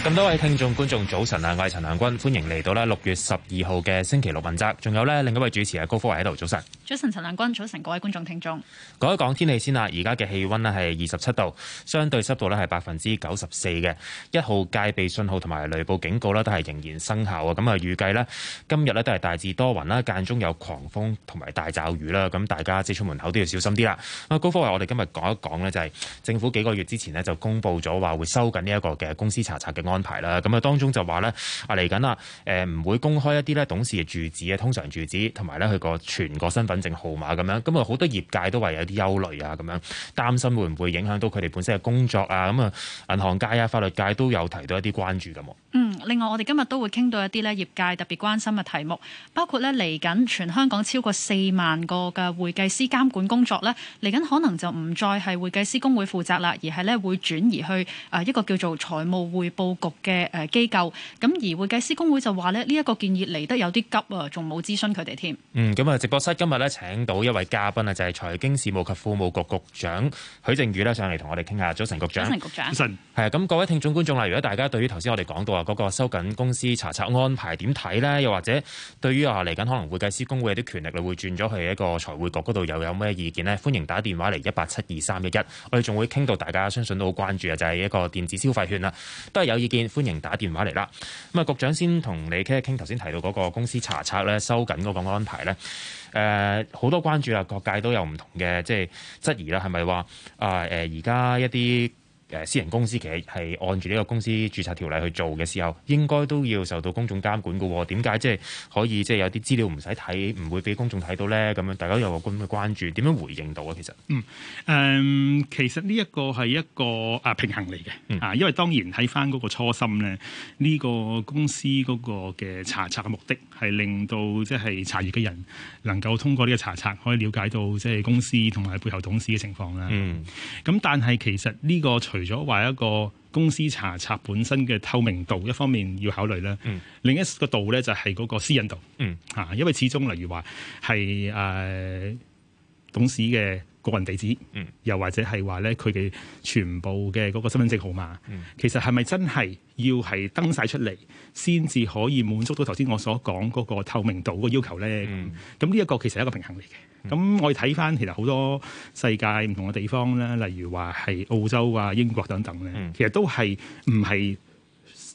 咁多位聽眾觀眾早晨啊！我係陳亮君，歡迎嚟到咧六月十二號嘅星期六問責，仲有咧另一位主持啊高科維喺度，早晨！早晨，陳亮君，早晨各位觀眾聽眾，講一講天氣先啦，而家嘅氣溫咧係二十七度，相對濕度咧係百分之九十四嘅，一號戒備信號同埋雷暴警告呢都係仍然生效啊！咁啊預計咧今日咧都係大致多雲啦，間中有狂風同埋大驟雨啦，咁、嗯、大家即出門口都要小心啲啦。咁啊高科維，我哋今日講一講咧就係政府幾個月之前咧就公布咗話會收緊呢一個嘅公司查冊嘅安排啦，咁啊，當中就話咧，啊，嚟緊啊，誒唔會公開一啲咧董事嘅住址啊，通常住址同埋咧佢個全個身份證號碼咁樣，咁啊好多業界都話有啲憂慮啊，咁樣擔心會唔會影響到佢哋本身嘅工作啊，咁啊銀行界啊法律界都有提到一啲關注咁。嗯，另外我哋今日都會傾到一啲咧業界特別關心嘅題目，包括咧嚟緊全香港超過四萬個嘅會計師監管工作咧，嚟緊可能就唔再係會計師公會負責啦，而係咧會轉移去啊一個叫做財務匯報。局嘅誒機構，咁而會計師公會就話咧，呢一個建議嚟得有啲急啊，仲冇諮詢佢哋添。嗯，咁啊，直播室今日咧請到一位嘉賓啊，就係、是、財經事務及庫務局局長許正宇咧上嚟同我哋傾下。早晨，局長。早晨。係啊，咁各位聽眾觀眾啦，如果大家對於頭先我哋講到啊嗰個收緊公司查冊安排點睇呢？又或者對於啊嚟緊可能會計師公會有啲權力，你會轉咗去一個財會局嗰度，又有咩意見呢？歡迎打電話嚟一八七二三一一。我哋仲會傾到大家相信都好關注啊，就係、是、一個電子消費券啦，都係有。意見歡迎打電話嚟啦。咁啊，局長先同你傾一傾，頭先提到嗰個公司查冊咧，收緊嗰個安排咧，誒、呃，好多關注啦，各界都有唔同嘅即係質疑啦，係咪話啊？誒、呃，而家一啲。誒私人公司其實係按住呢個公司註冊條例去做嘅時候，應該都要受到公眾監管㗎喎。點解即係可以即係有啲資料唔使睇，唔會俾公眾睇到咧？咁樣大家有個咁嘅關注？點樣回應到啊、嗯嗯？其實嗯誒，其實呢一個係一個啊平衡嚟嘅，啊，嗯、因為當然睇翻嗰個初心咧，呢、這個公司嗰個嘅查冊嘅目的係令到即係查閱嘅人能夠通過呢個查冊可以了解到即係公司同埋背後董事嘅情況啦。嗯，咁但係其實呢、這個。除咗話一個公司查冊本身嘅透明度，一方面要考慮啦，嗯，另一個度咧就係個私隱度嗯，吓，因為始終例如話係誒董事嘅。個人地址，嗯，又或者係話咧，佢哋全部嘅嗰個身份證號碼，其實係咪真係要係登晒出嚟，先至可以滿足到頭先我所講嗰個透明度嘅要求咧？咁、嗯，呢一個其實係一個平衡嚟嘅。咁、嗯、我哋睇翻其實好多世界唔同嘅地方咧，例如話係澳洲啊、英國等等咧，其實都係唔係。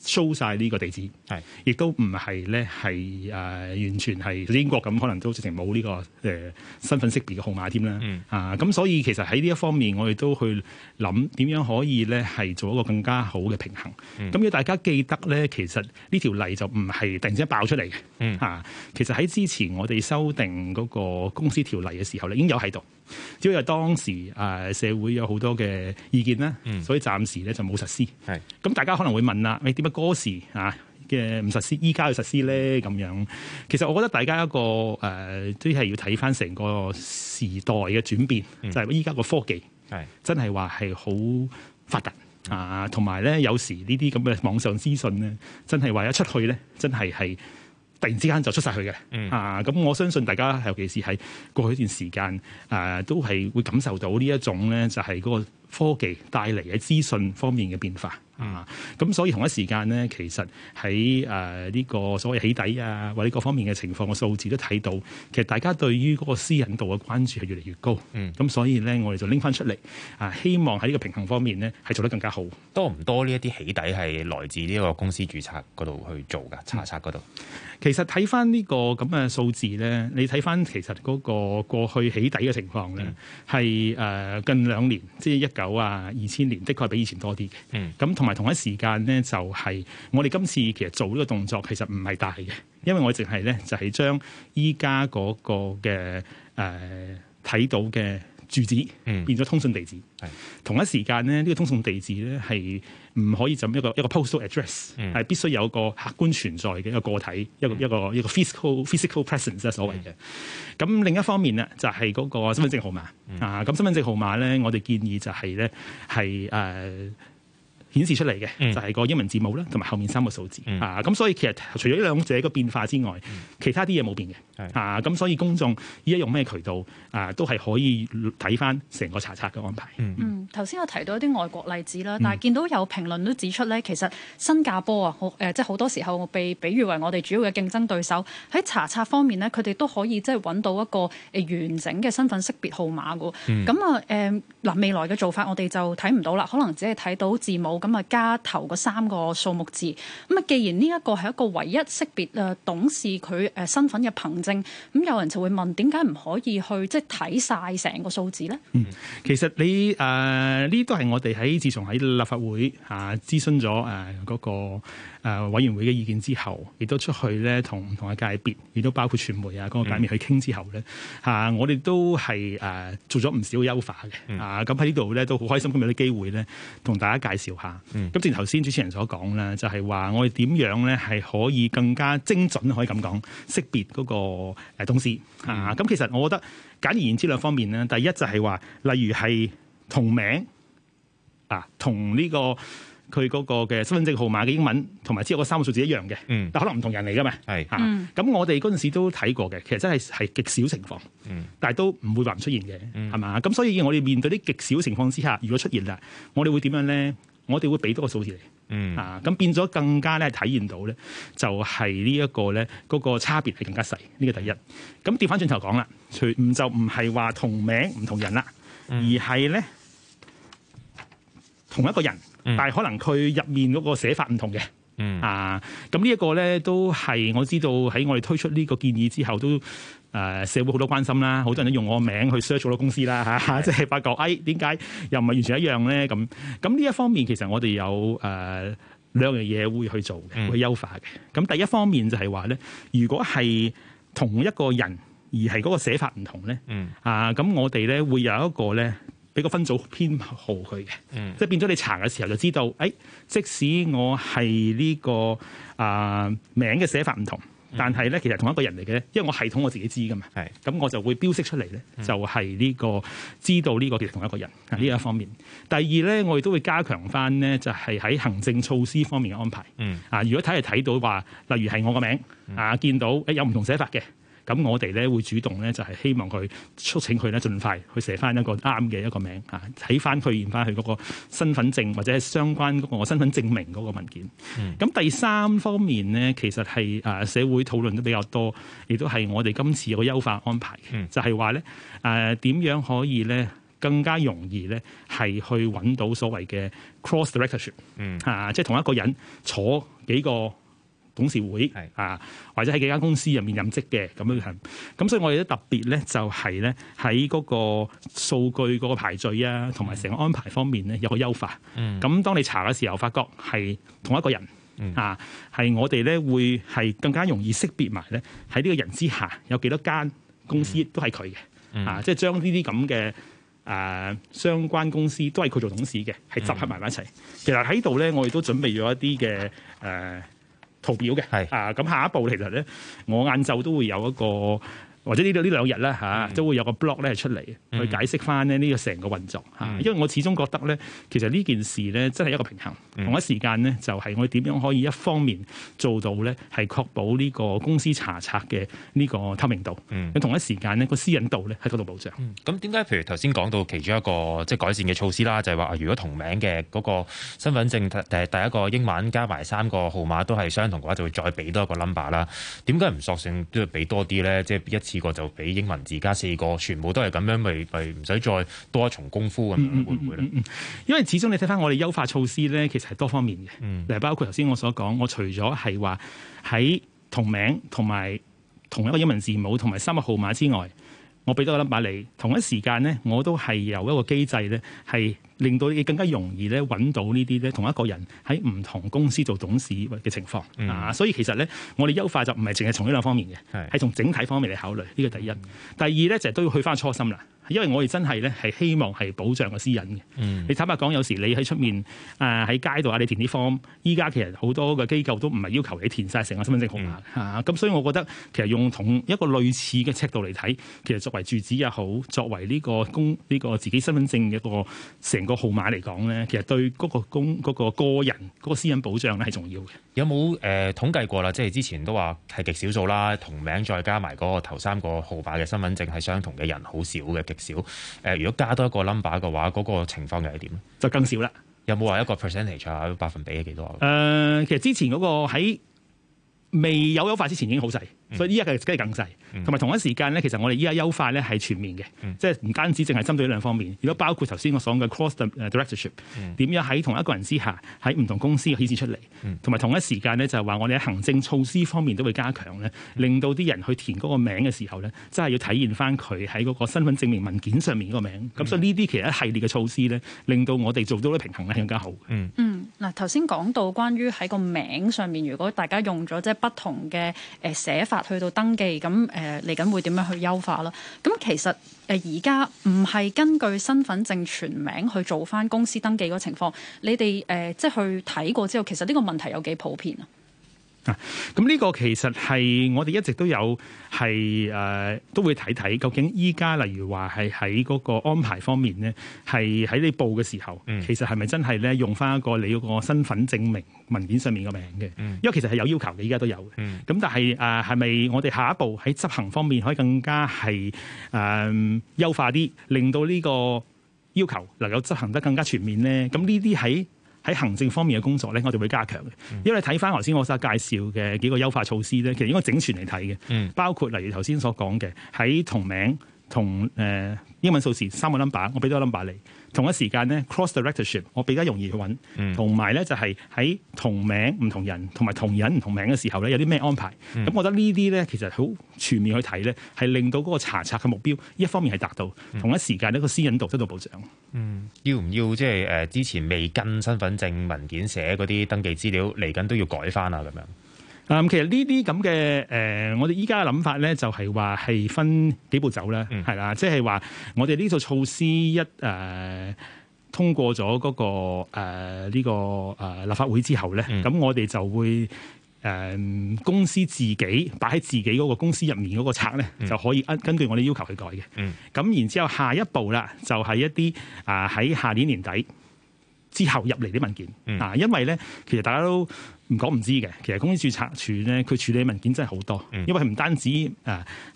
show 晒呢個地址，係亦都唔係咧，係、呃、誒完全係英國咁，可能都直情冇呢個誒身份識別嘅號碼添啦。嗯、啊，咁所以其實喺呢一方面，我哋都去諗點樣可以咧，係做一個更加好嘅平衡。咁、嗯、要大家記得咧，其實呢條例就唔係突然之間爆出嚟嘅。啊，其實喺之前我哋修訂嗰個公司條例嘅時候咧，已經有喺度。只係當時啊，社會有好多嘅意見咧，所以暫時咧就冇實施。係咁、嗯，大家可能會問啦，你點解嗰時啊嘅唔實施，依家要實施咧？咁樣其實我覺得大家一個誒、呃，都係要睇翻成個時代嘅轉變，就係依家個科技係、嗯、真係話係好發達啊，同埋咧，有時呢啲咁嘅網上資訊咧，真係話一出去咧，真係係。突然之間就出晒去嘅，嗯、啊咁我相信大家尤其是喺過去一段時間，啊、都係會感受到呢一種咧，就係嗰個科技帶嚟嘅資訊方面嘅變化。啊，咁、嗯、所以同一時間咧，其實喺誒呢個所謂起底啊，或者各方面嘅情況嘅數字都睇到，其實大家對於嗰個私隱度嘅關注係越嚟越高。嗯，咁所以咧，我哋就拎翻出嚟啊、呃，希望喺呢個平衡方面咧，係做得更加好。多唔多呢一啲起底係來自呢個公司注冊嗰度去做噶查冊嗰度、嗯？其實睇翻呢個咁嘅數字咧，你睇翻其實嗰個過去起底嘅情況咧，係誒、嗯呃、近兩年，即係一九啊二千年，的確係比以前多啲。嗯，咁同、嗯。同一時間咧，就係我哋今次其實做呢個動作，其實唔係大嘅，因為我淨係咧就係將依家嗰個嘅睇、呃、到嘅住址變咗通訊地址。嗯、同一時間咧，呢、呢個通訊地址咧係唔可以就一個一個 postal address，係、嗯、必須有個客觀存在嘅一個個體，一個、嗯、一個一個 physical physical presence 啊，所謂嘅。咁、嗯、另一方面咧，就係嗰個身份證號碼、嗯、啊。咁身份證號碼咧，我哋建議就係咧係顯示出嚟嘅就係、是、個英文字母啦，同埋後面三個數字、嗯、啊，咁所以其實除咗呢兩者嘅變化之外，嗯、其他啲嘢冇變嘅、嗯、啊，咁所以公眾依家用咩渠道啊，都係可以睇返成個查冊嘅安排。嗯，頭先我提到一啲外國例子啦，但係見到有評論都指出咧，其實新加坡啊，誒、呃，即係好多時候我被比喻為我哋主要嘅競爭對手喺查冊方面咧，佢哋都可以即係揾到一個完整嘅身份識別號碼嘅。咁啊，誒、呃、嗱未來嘅做法我哋就睇唔到啦，可能只係睇到字母。咁啊，加頭嗰三個數目字，咁啊，既然呢一個係一個唯一識別啊董事佢誒身份嘅憑證，咁有人就會問，點解唔可以去即係睇晒成個數字咧？嗯，其實你誒呢、呃、都係我哋喺自從喺立法會嚇、啊、諮詢咗誒嗰個。誒委員會嘅意見之後，亦都出去咧同唔同嘅界別，亦都包括傳媒啊嗰個界別去傾之後咧，嚇、嗯啊、我哋都係誒、啊、做咗唔少優化嘅，嚇咁喺呢度咧都好開心咁有啲機會咧，同大家介紹一下。咁、嗯、正如頭先主持人所講咧，就係、是、話我哋點樣咧係可以更加精準可以咁講識別嗰個誒公司。咁其實我覺得簡而言之兩方面咧，第一就係話例如係同名啊，同呢、這個。佢嗰個嘅身份證號碼嘅英文同埋之後嗰三個數字一樣嘅，嗯、但可能唔同人嚟㗎嘛。係嚇，咁我哋嗰陣時都睇過嘅，其實真係係極少情況，嗯、但係都唔會話唔出現嘅，係嘛、嗯？咁所以我哋面對啲極少情況之下，如果出現啦，我哋會點樣咧？我哋會俾多個數字嚟，嚇咁、嗯啊、變咗更加咧體現到咧，就係呢一個咧嗰個差別係更加細。呢、呢個第一，咁掉翻轉頭講啦，除唔就唔係話同名唔同人啦，而係咧同一個人。但係可能佢入面嗰個寫法唔同嘅，嗯、啊，咁呢一個咧都係我知道喺我哋推出呢個建議之後都誒、呃、社會好多關心啦，好多人都用我個名去 search 咗公司啦嚇，即係發覺，哎，點解又唔係完全一樣咧？咁咁呢一方面其實我哋有誒、呃、兩樣嘢會去做嘅，嗯、會去優化嘅。咁第一方面就係話咧，如果係同一個人而係嗰個寫法唔同咧，嗯啊，咁我哋咧會有一個咧。俾個分組編號佢嘅，嗯、即係變咗你查嘅時候就知道，誒、哎，即使我係呢、這個啊、呃、名嘅寫法唔同，嗯、但係咧其實同一個人嚟嘅，因為我系統我自己知㗎嘛，係是，咁我就會標識出嚟咧，嗯、就係呢、這個知道呢個叫同一個人，啊呢、嗯、一方面。第二咧，我亦都會加強翻咧，就係、是、喺行政措施方面嘅安排。嗯、啊，如果睇係睇到話，例如係我個名、嗯、啊，見到誒、哎、有唔同寫法嘅。咁我哋咧會主動咧，就係希望佢促請佢咧，盡快去寫翻一個啱嘅一個名啊，睇翻佢驗翻佢嗰個身份證或者相關嗰個身份證明嗰個文件。咁、嗯、第三方面咧，其實係誒社會討論得比較多，亦都係我哋今次個優化安排，嗯、就係話咧誒點樣可以咧更加容易咧係去揾到所謂嘅 cross directorship 嗯啊，即係同一個人坐幾個。董事會啊，或者喺幾間公司入面任職嘅咁樣樣咁，所以我哋都特別咧，就係咧喺嗰個數據嗰個排序啊，同埋成個安排方面咧有個優化。咁、嗯、當你查嘅時候，我發覺係同一個人啊，係、嗯、我哋咧會係更加容易識別埋咧喺呢個人之下有幾多間公司都係佢嘅啊，即係將呢啲咁嘅誒相關公司都係佢做董事嘅，係集合埋埋一齊。其實喺度咧，我哋都準備咗一啲嘅誒。呃圖表嘅係啊，咁下一步其實咧，我晏晝都會有一個。或者呢度呢兩日咧嚇，都會有個 blog 咧出嚟，去解釋翻呢個成個運作嚇、嗯、因為我始終覺得咧，其實呢件事咧真係一個平衡。嗯、同一時間呢，就係我點樣可以一方面做到咧，係確保呢個公司查冊嘅呢個透明度，嗯、同一時間呢，個私隱度咧喺嗰度保障。咁點解譬如頭先講到其中一個即係改善嘅措施啦，就係話啊如果同名嘅嗰個身份證第一個英文加埋三個號碼都係相同嘅話，就會再俾多一個 number 啦。點解唔索性都要俾多啲咧？即係一次過就俾英文字加四個，全部都係咁樣，咪咪唔使再多一重功夫咁樣，會唔會咧、嗯嗯嗯嗯？因為始終你睇翻我哋優化措施咧，其實係多方面嘅。嗱、嗯，包括頭先我所講，我除咗係話喺同名同埋同一個英文字母同埋三個號碼之外，我俾多個粒碼你。同一時間咧，我都係由一個機制咧係。令到你更加容易咧揾到呢啲咧同一個人喺唔同公司做董事嘅情況啊，嗯、所以其實咧我哋優化就唔係淨係從呢兩方面嘅，係是從整體方面嚟考慮呢、呢個第一。嗯、第二咧就係都要去翻初心啦。因為我哋真係咧係希望係保障個私隱嘅。嗯、你坦白講，有時你喺出面啊喺街度啊，你填啲 form，依家其實好多個機構都唔係要求你填晒成個身份證號碼嚇。咁、嗯啊、所以我覺得其實用同一個類似嘅尺度嚟睇，其實作為住址也好，作為呢個公呢、呢個自己身份證嘅一個成個號碼嚟講咧，其實對嗰個公嗰、嗰個、個人嗰、嗰個私隱保障咧係重要嘅。有冇誒、呃、統計過啦？即係之前都話係極少數啦，同名再加埋嗰個頭三個號碼嘅身份證係相同嘅人好少嘅，極少。誒、呃，如果加多一個 number 嘅話，嗰、嗰個情況又係點？就更少啦。有冇話一個 percentage 百分比係、啊、幾多、啊？誒、呃，其實之前嗰個喺未有優化之前已經好細，所以依家梗係更加更細。同埋、嗯嗯、同一時間咧，其實我哋依家優化咧係全面嘅，嗯、即係唔單止淨係針對呢兩方面，如果包括頭先我所講嘅 cross directorship，點樣喺、嗯、同一個人之下喺唔同公司顯示出嚟，同埋、嗯、同一時間咧就係話我哋喺行政措施方面都會加強咧，令到啲人去填嗰個名嘅時候咧，真係要體現翻佢喺嗰個身份證明文件上面個名。咁所以呢啲其實一系列嘅措施咧，令到我哋做到啲平衡咧更加好嗯。嗯。嗱，頭先講到關於喺個名上面，如果大家用咗即係不同嘅誒寫法去到登記，咁誒嚟緊會點樣去優化咯？咁其實誒而家唔係根據身份證全名去做翻公司登記嗰個情況，你哋誒、呃、即係去睇過之後，其實呢個問題有幾普遍啊？咁呢、啊呢個其實係我哋一直都有係、呃、都會睇睇究竟依家例如話係喺嗰個安排方面咧，係喺你報嘅時候，嗯、其實係咪真係咧用翻一個你個身份證明文件上面個名嘅？嗯、因為其實係有要求嘅，依家都有嘅。咁、嗯、但係係咪我哋下一步喺執行方面可以更加係誒優化啲，令到呢個要求能夠執行得更加全面咧？咁呢啲喺，喺行政方面嘅工作咧，我哋會加強嘅。因為你睇翻頭先我所介紹嘅幾個優化措施咧，其實應該整全嚟睇嘅。嗯，包括例如頭先所講嘅，喺同名同誒英文數字三個 number，我俾多個 number 你。同一時間咧，cross directorship 我比較容易去揾，同埋咧就係喺同名唔同人，同埋同人唔同名嘅時候咧，有啲咩安排？咁、嗯、我覺得呢啲咧，其實好全面去睇咧，係令到嗰個查冊嘅目標一方面係達到。同一時間，呢個私隱度得到保障。嗯，要唔要即係誒之前未跟身份證文件寫嗰啲登記資料嚟緊都要改翻啊？咁樣。嗱、嗯，其實呢啲咁嘅誒，我哋依家嘅諗法咧，就係話係分幾步走啦，係啦，即係話我哋呢套措施一誒、呃、通過咗嗰、那個呢、呃這個誒、呃、立法會之後咧，咁、嗯、我哋就會誒、呃、公司自己擺喺自己嗰個公司入面嗰個冊咧，嗯、就可以根據我哋要求去改嘅。咁、嗯、然之後下一步啦，就係、是、一啲啊喺下年年底之後入嚟啲文件啊，嗯、因為咧其實大家都。唔講唔知嘅，其實公司註冊處咧，佢處理嘅文件真係好多，因為佢唔單止誒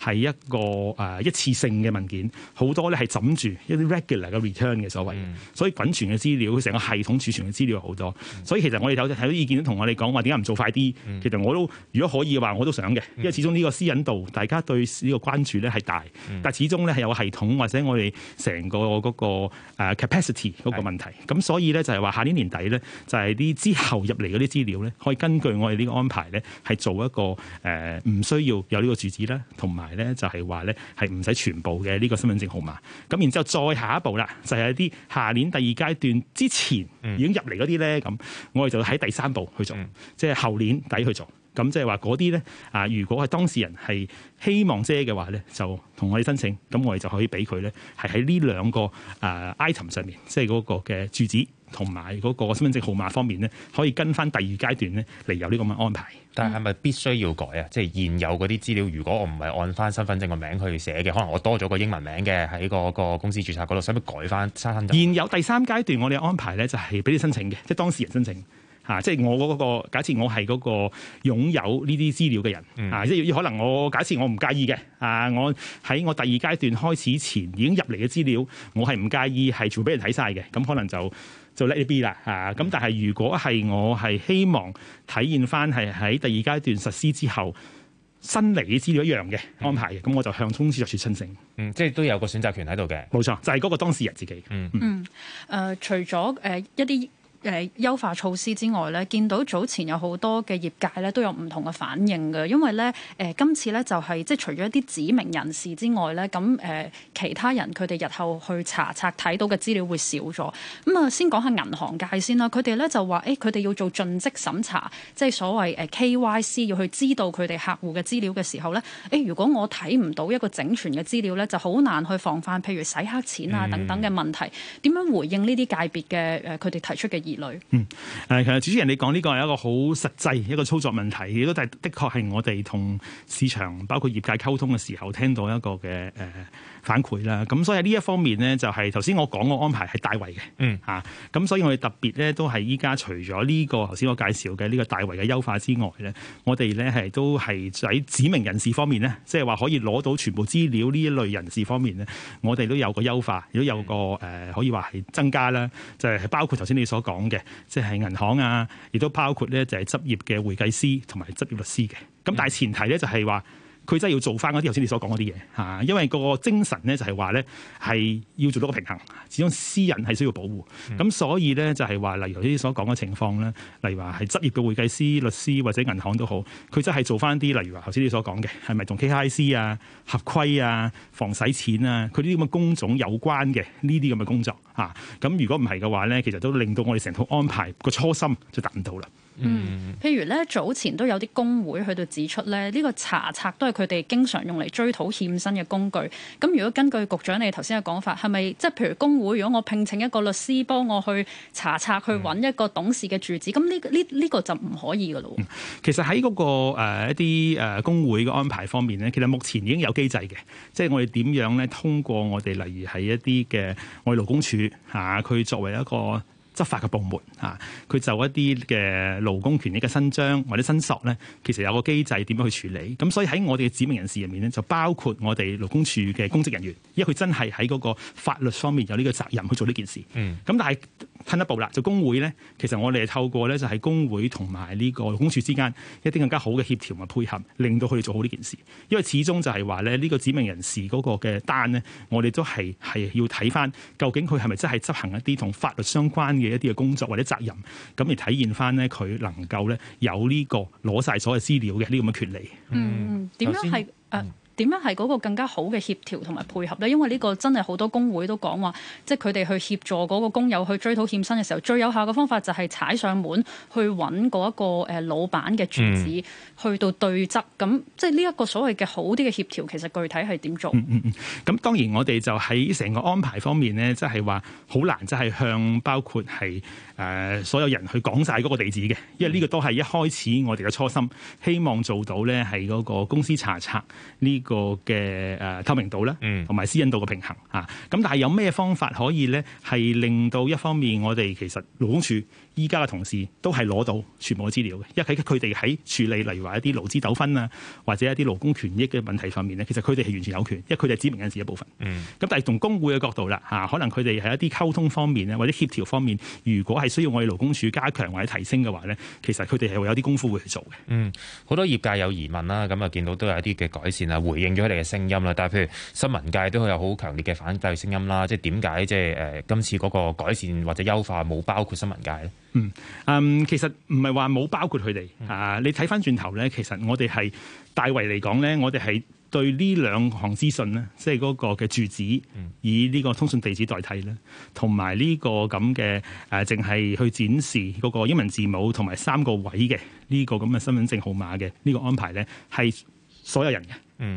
係、呃、一個誒、呃、一次性嘅文件，好多咧係枕住一啲 regular 嘅 return 嘅所謂，嗯、所以滾存嘅資料，佢成個系統儲存嘅資料好多。所以其實我哋有睇到意見都同我哋講話，點解唔做快啲？其實我都如果可以嘅話，我都想嘅，因為始終呢個私隱度，大家對呢個關注咧係大，但係始終咧係有個系統或者我哋成個嗰、那個、uh, capacity 嗰個問題，咁是的 所以咧就係話下年年底咧就係、是、啲之後入嚟嗰啲資料咧。可以根據我哋呢個安排咧，係做一個誒，唔、呃、需要有呢個住址啦，同埋咧就係話咧係唔使全部嘅呢個身份證號碼。咁然之後再下一步啦，就係、是、啲下年第二階段之前已經入嚟嗰啲咧，咁我哋就喺第三步去做，嗯、即係後年底去做。咁即係話嗰啲咧啊，如果係當事人係希望遮嘅話咧，就同我哋申請，咁我哋就可以俾佢咧，係喺呢兩個誒、呃、item 上面，即係嗰個嘅住址。同埋嗰個身份證號碼方面咧，可以跟翻第二階段咧嚟有呢個咁嘅安排。嗯、但係係咪必須要改啊？即係現有嗰啲資料，如果我唔係按翻身份證個名去寫嘅，可能我多咗個英文名嘅喺嗰個公司註冊嗰度，使唔改翻？現有第三階段我哋安排咧就係俾你申請嘅，即係當事人申請嚇、啊。即係我嗰、嗰個假設，我係嗰個擁有呢啲資料嘅人啊，即係可能我假設我唔介意嘅啊，我喺我第二階段開始前已經入嚟嘅資料，我係唔介意係全部俾人睇晒嘅，咁可能就。就 let it be 啦嚇咁，但係如果係我係希望體現翻係喺第二階段實施之後新嚟嘅資料一樣嘅安排嘅，咁我就向公司作出申請。嗯，即係都有個選擇權喺度嘅，冇錯就係、是、嗰個當事人自己。嗯嗯誒、嗯呃，除咗誒、呃、一啲。誒、呃、優化措施之外咧，見到早前有好多嘅業界咧都有唔同嘅反應嘅，因為咧誒、呃、今次咧就係、是、即係除咗一啲指明人士之外咧，咁、呃、誒其他人佢哋日後去查冊睇到嘅資料會少咗。咁啊，先講下銀行界先啦，佢哋咧就話誒，佢、欸、哋要做盡職審查，即係所謂誒 KYC 要去知道佢哋客戶嘅資料嘅時候咧，誒、欸、如果我睇唔到一個整全嘅資料咧，就好難去防範，譬如洗黑錢啊等等嘅問題。點、嗯、樣回應呢啲界別嘅誒佢哋提出嘅意見？嗯，誒其實主持人你講呢個係一個好實際一個操作問題，亦都係的確係我哋同市場包括業界溝通嘅時候聽到一個嘅誒，呃反饋啦，咁所以呢一方面咧，就係頭先我講個安排係大圍嘅，嚇咁、嗯、所以我哋特別咧都係依家除咗呢個頭先我介紹嘅呢個大圍嘅優化之外咧，我哋咧係都係喺指明人士方面咧，即係話可以攞到全部資料呢一類人士方面咧，我哋都有個優化，亦都有個誒可以話係增加啦，就係、是、包括頭先你所講嘅，即、就、係、是、銀行啊，亦都包括咧就係執業嘅會計師同埋執業律師嘅，咁、嗯、但係前提咧就係、是、話。佢真係要做翻嗰啲頭先你所講嗰啲嘢嚇，因為個精神咧就係話咧係要做到個平衡，始終私人係需要保護，咁、嗯、所以咧就係話，例如頭先你所講嘅情況咧，例如話係執業嘅會計師、律師或者銀行都好，佢真係做翻啲例如話頭先你所講嘅，係咪同 KIC 啊、合規啊、防洗錢啊，佢啲咁嘅工種有關嘅呢啲咁嘅工作嚇，咁如果唔係嘅話咧，其實都令到我哋成套安排個初心就達唔到啦。嗯，譬如咧，早前都有啲工會去到指出咧，呢、這個查冊都係佢哋經常用嚟追討欠薪嘅工具。咁如果根據局長你頭先嘅講法，係咪即係譬如工會，如果我聘請一個律師幫我去查冊，去揾一個董事嘅住址，咁呢呢呢個就唔可以噶咯、嗯？其實喺嗰、那個、呃、一啲誒工會嘅安排方面咧，其實目前已經有機制嘅，即係我哋點樣咧，通過我哋例如係一啲嘅外哋勞工處佢作為一個。執法嘅部門嚇，佢就一啲嘅勞工權益嘅伸張或者申索咧，其實有個機制點樣去處理？咁所以喺我哋嘅指明人士入面咧，就包括我哋勞工處嘅公職人員，因為佢真係喺嗰個法律方面有呢個責任去做呢件事。嗯，咁但係。吞一步啦，就工會咧，其實我哋係透過咧就係工會同埋呢個勞工處之間一啲更加好嘅協調同配合，令到佢哋做好呢件事。因為始終就係話咧，呢個指明人士嗰個嘅單咧，我哋都係係要睇翻究竟佢係咪真係執行一啲同法律相關嘅一啲嘅工作或者責任，咁而體現翻咧佢能夠咧有呢個攞晒所有資料嘅呢咁嘅權利。嗯，點樣係誒？嗯點樣係嗰個更加好嘅協調同埋配合呢？因為呢個真係好多工會都講話，即係佢哋去協助嗰個工友去追討欠薪嘅時候，最有效嘅方法就係踩上門去揾嗰一個誒老闆嘅住址，去到對質。咁、嗯、即係呢一個所謂嘅好啲嘅協調，其實具體係點做？嗯咁、嗯嗯、當然我哋就喺成個安排方面呢，即係話好難，即係向包括係誒、呃、所有人去講晒嗰個地址嘅，因為呢個都係一開始我哋嘅初心，希望做到呢係嗰個公司查冊呢、呢個。個嘅誒透明度咧，嗯，同埋私隱度嘅平衡吓。咁但係有咩方法可以咧，係令到一方面我哋其實勞工處。依家嘅同事都係攞到全部嘅資料嘅，因為佢哋喺處理，例如話一啲勞資糾紛啊，或者一啲勞工權益嘅問題上面咧，其實佢哋係完全有權，因為佢哋係指明人士一部分。嗯，咁但係從工會嘅角度啦嚇，可能佢哋喺一啲溝通方面咧，或者協調方面，如果係需要我哋勞工處加強或者提升嘅話呢，其實佢哋係會有啲功夫會去做嘅。嗯，好多業界有疑問啦，咁啊見到都有一啲嘅改善啦，回應咗佢哋嘅聲音啦。但係譬如新聞界都有好強烈嘅反對聲音啦，即係點解即係誒、呃、今次嗰個改善或者優化冇包括新聞界咧？嗯，誒其實唔係話冇包括佢哋啊。你睇翻轉頭咧，其實我哋係大圍嚟講咧，我哋係對呢兩行資訊咧，即係嗰個嘅住址，以呢個通訊地址代替咧，同埋呢個咁嘅誒，淨係去展示嗰個英文字母同埋三個位嘅呢個咁嘅身份證號碼嘅呢個安排咧，係所有人嘅。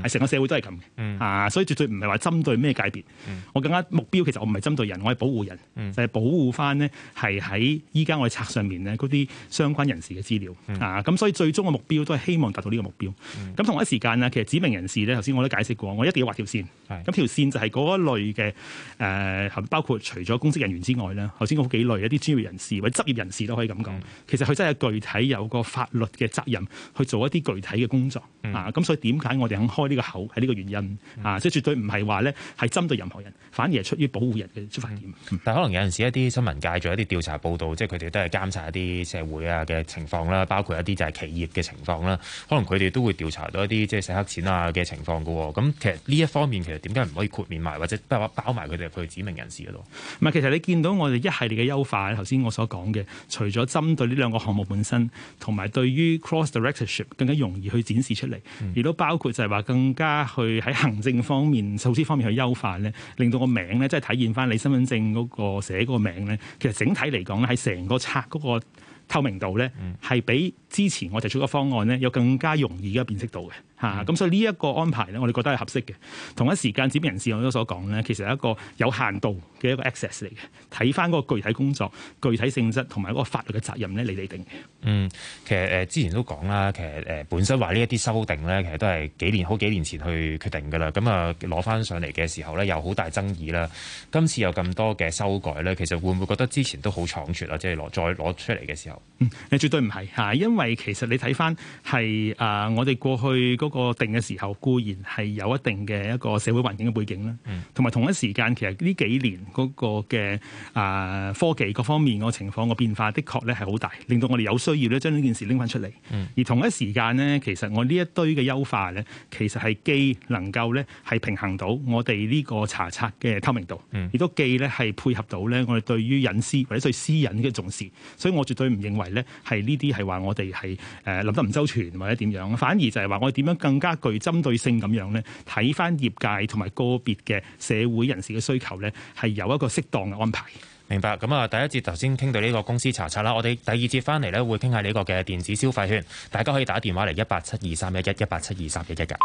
係成、嗯、個社會都係咁嘅，啊、嗯，所以絕對唔係話針對咩界別。嗯、我更加目標其實我唔係針對人，我係保護人，嗯、就係保護翻呢係喺依家我哋查冊上面呢嗰啲相關人士嘅資料。嗯、啊，咁所以最終嘅目標都係希望達到呢個目標。咁、嗯、同一時間呢，其實指明人士呢，頭先我都解釋過，我一定要畫條線。咁條是線就係嗰一類嘅誒、呃，包括除咗公職人員之外呢，頭先嗰幾類嘅一啲專業人士或者執業人士都可以咁講。嗯、其實佢真係具體有個法律嘅責任去做一啲具體嘅工作。咁、嗯啊、所以點解我哋開呢個口係呢個原因、嗯、啊！即係絕對唔係話咧係針對任何人，反而係出於保護人嘅出發點。嗯、但係可能有陣時一啲新聞界做一啲調查報導，即係佢哋都係監察一啲社會啊嘅情況啦，包括一啲就係企業嘅情況啦。可能佢哋都會調查到一啲即係洗黑錢啊嘅情況噶喎。咁其實呢一方面其實點解唔可以豁免埋，或者包埋佢哋去指明人士嗰度？唔係，其實你見到我哋一系列嘅優化，頭先我所講嘅，除咗針對呢兩個項目本身，同埋對於 cross directorship 更加容易去展示出嚟，亦、嗯、都包括就係話。更加去喺行政方面、措施方面去優化咧，令到個名咧，即係體現翻你身份證嗰個寫個名咧。其實整體嚟講咧，喺成個冊嗰個。透明度咧係比之前我提出嘅方案咧有更加容易嘅辨識度嘅嚇，咁、嗯、所以呢一個安排咧，我哋覺得係合適嘅。同一時間，指明人士我都所講咧，其實係一個有限度嘅一個 access 嚟嘅，睇翻嗰個具體工作、具體性質同埋嗰個法律嘅責任咧，你哋定嘅。嗯，其實誒之前都講啦，其實誒本身話呢一啲修訂咧，其實都係幾年好幾年前去決定嘅啦。咁啊攞翻上嚟嘅時候咧，有好大爭議啦。今次有咁多嘅修改咧，其實會唔會覺得之前都好倉促啊？即係攞再攞出嚟嘅時候。嗯，你絕對唔係嚇，因為其實你睇翻係我哋過去嗰個定嘅時候固然係有一定嘅一個社會環境嘅背景啦，同埋、嗯、同一時間其實呢幾年嗰個嘅、呃、科技各方面個情況嘅變化，的確咧係好大，令到我哋有需要咧將呢件事拎翻出嚟，嗯、而同一時間呢，其實我呢一堆嘅優化咧，其實係既能夠咧係平衡到我哋呢個查冊嘅透明度，亦、嗯、都既咧係配合到咧我哋對於隱私或者對私隱嘅重視，所以我絕對唔認為咧係呢啲係話我哋係誒諗得唔周全或者點樣，反而就係話我哋點樣更加具針對性咁樣呢，睇翻業界同埋個別嘅社會人士嘅需求呢，係有一個適當嘅安排。明白。咁啊，第一節頭先傾到呢個公司查冊啦，我哋第二節翻嚟呢，會傾下呢個嘅電子消費券，大家可以打電話嚟一八七二三一一一八七二三一一噶。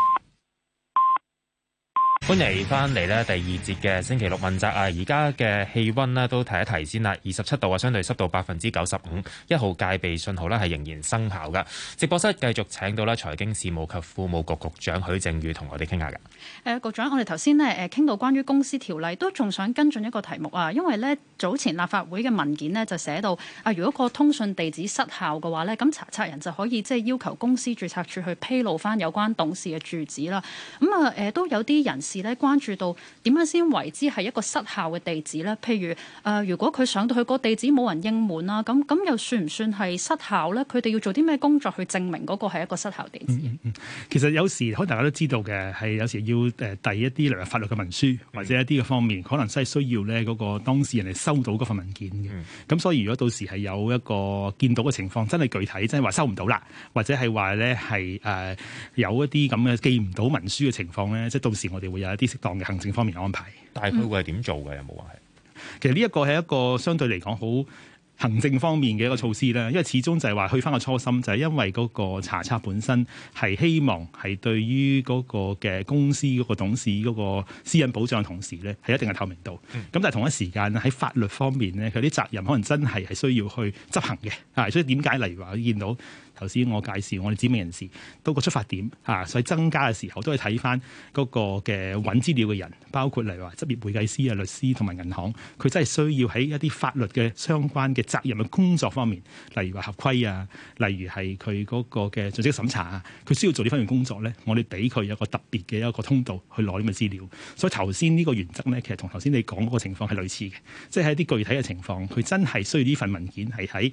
歡迎翻嚟呢。第二節嘅星期六問責啊！而家嘅氣溫呢、啊、都提一提先啦，二十七度啊，相對濕度百分之九十五，一號戒備信號呢係仍然生效噶。直播室繼續請到咧財經事務及庫務局局長許正宇同我哋傾下噶。誒、呃，局長，我哋頭先呢誒，傾、呃、到關於公司條例，都仲想跟進一個題目啊，因為呢，早前立法會嘅文件呢就寫到啊、呃，如果個通訊地址失效嘅話呢，咁查冊人就可以即係要求公司註冊處去披露翻有關董事嘅住址啦。咁啊誒，都有啲人。事咧關注到點樣先為之係一個失效嘅地址咧？譬如誒、呃，如果佢上到去個地址冇人應門啦，咁咁又算唔算係失效咧？佢哋要做啲咩工作去證明嗰個係一個失效地址？嗯嗯嗯、其實有時可能大家都知道嘅，係有時要誒遞一啲例如法律嘅文書，或者一啲嘅方面，可能真係需要咧嗰個當事人嚟收到嗰份文件嘅。咁、嗯、所以如果到時係有一個見到嘅情況，真係具體，真係話收唔到啦，或者係話咧係誒有一啲咁嘅寄唔到文書嘅情況咧，即係到時我哋會。有一啲適當嘅行政方面嘅安排，但係佢會係點做嘅有冇話係？其實呢一個係一個相對嚟講好行政方面嘅一個措施咧，因為始終就係話去翻個初心，就係、是、因為嗰個查冊本身係希望係對於嗰個嘅公司嗰個董事嗰個私隱保障嘅同時咧，係一定係透明度。咁、嗯、但係同一時間咧，喺法律方面咧，佢啲責任可能真係係需要去執行嘅。所以點解例如話我見到？頭先我介紹我哋指明人士，到個出發點吓，啊，所以增加嘅時候都係睇翻嗰個嘅揾資料嘅人，包括例如話執業會計師啊、律師同埋銀行，佢真係需要喺一啲法律嘅相關嘅責任嘅工作方面，例如話合規啊，例如係佢嗰個嘅盡職審查啊，佢需要做呢方面工作咧，我哋俾佢有個特別嘅一個通道去攞呢個資料。所以頭先呢個原則咧，其實同頭先你講嗰個情況係類似嘅，即係一啲具體嘅情況，佢真係需要呢份文件係喺。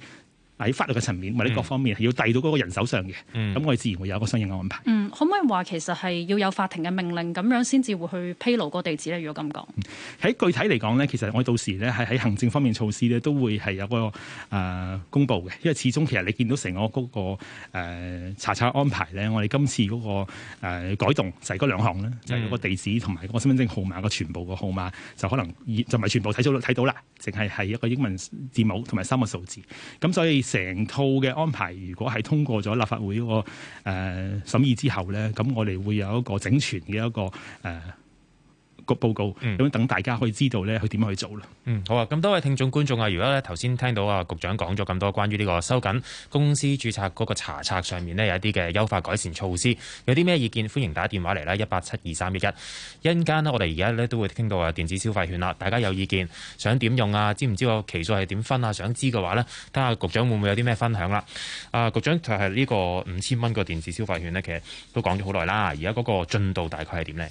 喺法律嘅層面，或者各方面係、嗯、要遞到嗰個人手上嘅，咁、嗯、我哋自然會有一個相應嘅安排。嗯，可唔可以話其實係要有法庭嘅命令咁樣先至會去披露個地址咧？如果咁講，喺、嗯、具體嚟講咧，其實我哋到時咧係喺行政方面措施咧，都會係有一個誒、呃、公布嘅，因為始終其實你見到成個嗰、那個誒、呃、查查安排咧，我哋今次嗰、那個誒、呃、改動就係嗰兩項咧，就係、是、嗰個地址同埋個身份證號碼嘅、那個、全部個號碼，就可能就唔係全部睇到睇到啦，淨係係一個英文字母同埋三個數字，咁所以。成套嘅安排，如果係通過咗立法會個誒審議之後咧，咁我哋會有一個整全嘅一個誒，個報告，咁等大家可以知道咧，佢點樣去做啦。嗯，好啊。咁多位聽眾觀眾啊，如果咧頭先聽到啊局長講咗咁多關於呢個收緊公司注冊嗰個查冊上面呢，有一啲嘅優化改善措施，有啲咩意見，歡迎打電話嚟啦，一八七二三一一。一陣間呢，我哋而家咧都會傾到啊電子消費券啦。大家有意見，想點用啊？知唔知個期數係點分啊？想知嘅話呢，睇下局長會唔會有啲咩分享啦？啊，局長就係呢個五千蚊個電子消費券呢，嗯嗯，其實都講咗好耐啦。而家嗰個進度大概係點呢？